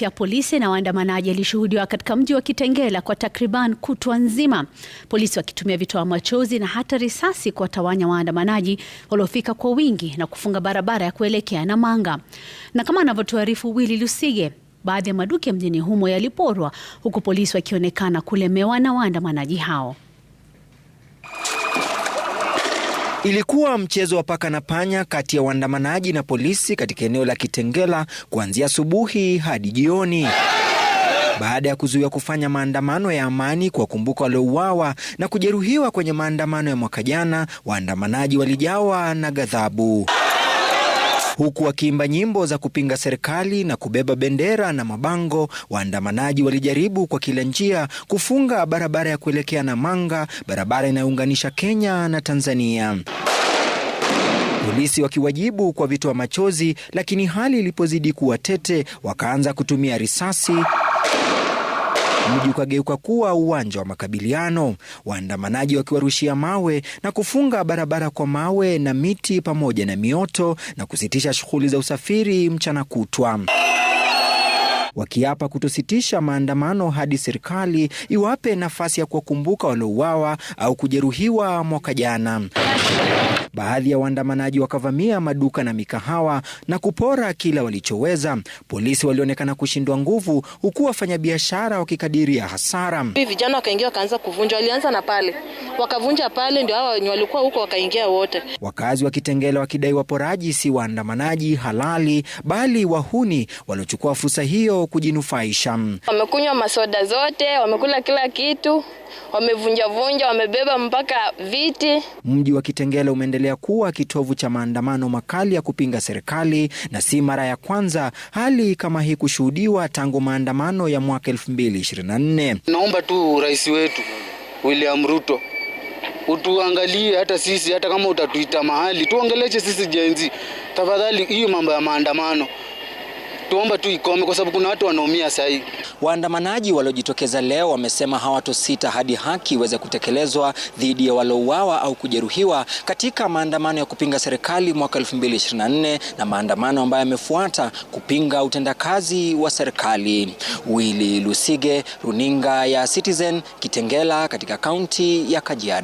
kati ya polisi na waandamanaji alishuhudiwa katika mji wa Kitengela kwa takriban kutwa nzima, polisi wakitumia vitoa wa machozi na hata risasi kuwatawanya waandamanaji waliofika kwa wingi na kufunga barabara ya kuelekea Namanga. Na kama anavyotuarifu Willy Lusige, baadhi ya maduka mjini humo yaliporwa, huku polisi wakionekana kulemewa na waandamanaji hao. Ilikuwa mchezo wa paka na panya kati ya waandamanaji na polisi katika eneo la Kitengela kuanzia asubuhi hadi jioni, baada ya kuzuia kufanya maandamano ya amani kuwakumbuka waliouawa na kujeruhiwa kwenye maandamano ya mwaka jana. Waandamanaji walijawa na ghadhabu. Huku wakiimba nyimbo za kupinga serikali na kubeba bendera na mabango, waandamanaji walijaribu kwa kila njia kufunga barabara ya kuelekea Namanga, barabara inayounganisha Kenya na Tanzania. Polisi wakiwajibu kwa vitoa machozi, lakini hali ilipozidi kuwa tete, wakaanza kutumia risasi mji ukageuka kuwa uwanja wa makabiliano, waandamanaji wakiwarushia mawe na kufunga barabara kwa mawe na miti pamoja na mioto na kusitisha shughuli za usafiri mchana kutwa wakiapa kutositisha maandamano hadi serikali iwape nafasi ya kuwakumbuka waliouawa au kujeruhiwa mwaka jana. Baadhi ya waandamanaji wakavamia maduka na mikahawa na kupora kila walichoweza. Polisi walionekana kushindwa nguvu, huku wafanyabiashara wakikadiri ya hasara. Vijana wakaingia wakaanza kuvunja, walianza na pale wakavunja pale, ndio hawa wenye walikuwa huko wakaingia wote. Wakazi wa Kitengela wakidai waporaji si waandamanaji halali, bali wahuni waliochukua fursa hiyo kujinufaisha. Wamekunywa masoda zote, wamekula kila kitu, wamevunjavunja, wamebeba mpaka viti. Mji wa Kitengela umeendelea kuwa kitovu cha maandamano makali ya kupinga serikali, na si mara ya kwanza hali kama hii kushuhudiwa tangu maandamano ya mwaka 2024. Naomba tu rais wetu William Ruto utuangalie hata sisi, hata kama utatuita mahali tuongeleshe sisi jenzi, tafadhali. Hiyo mambo ya maandamano tuomba tu ikome, kwa sababu kuna watu wanaumia saa Waandamanaji waliojitokeza leo wamesema hawatosita hadi haki iweze kutekelezwa dhidi ya walouawa au kujeruhiwa katika maandamano ya kupinga serikali mwaka 2024 na maandamano ambayo yamefuata kupinga utendakazi wa serikali. Willy Lusige, runinga ya Citizen, Kitengela katika kaunti ya Kajiado.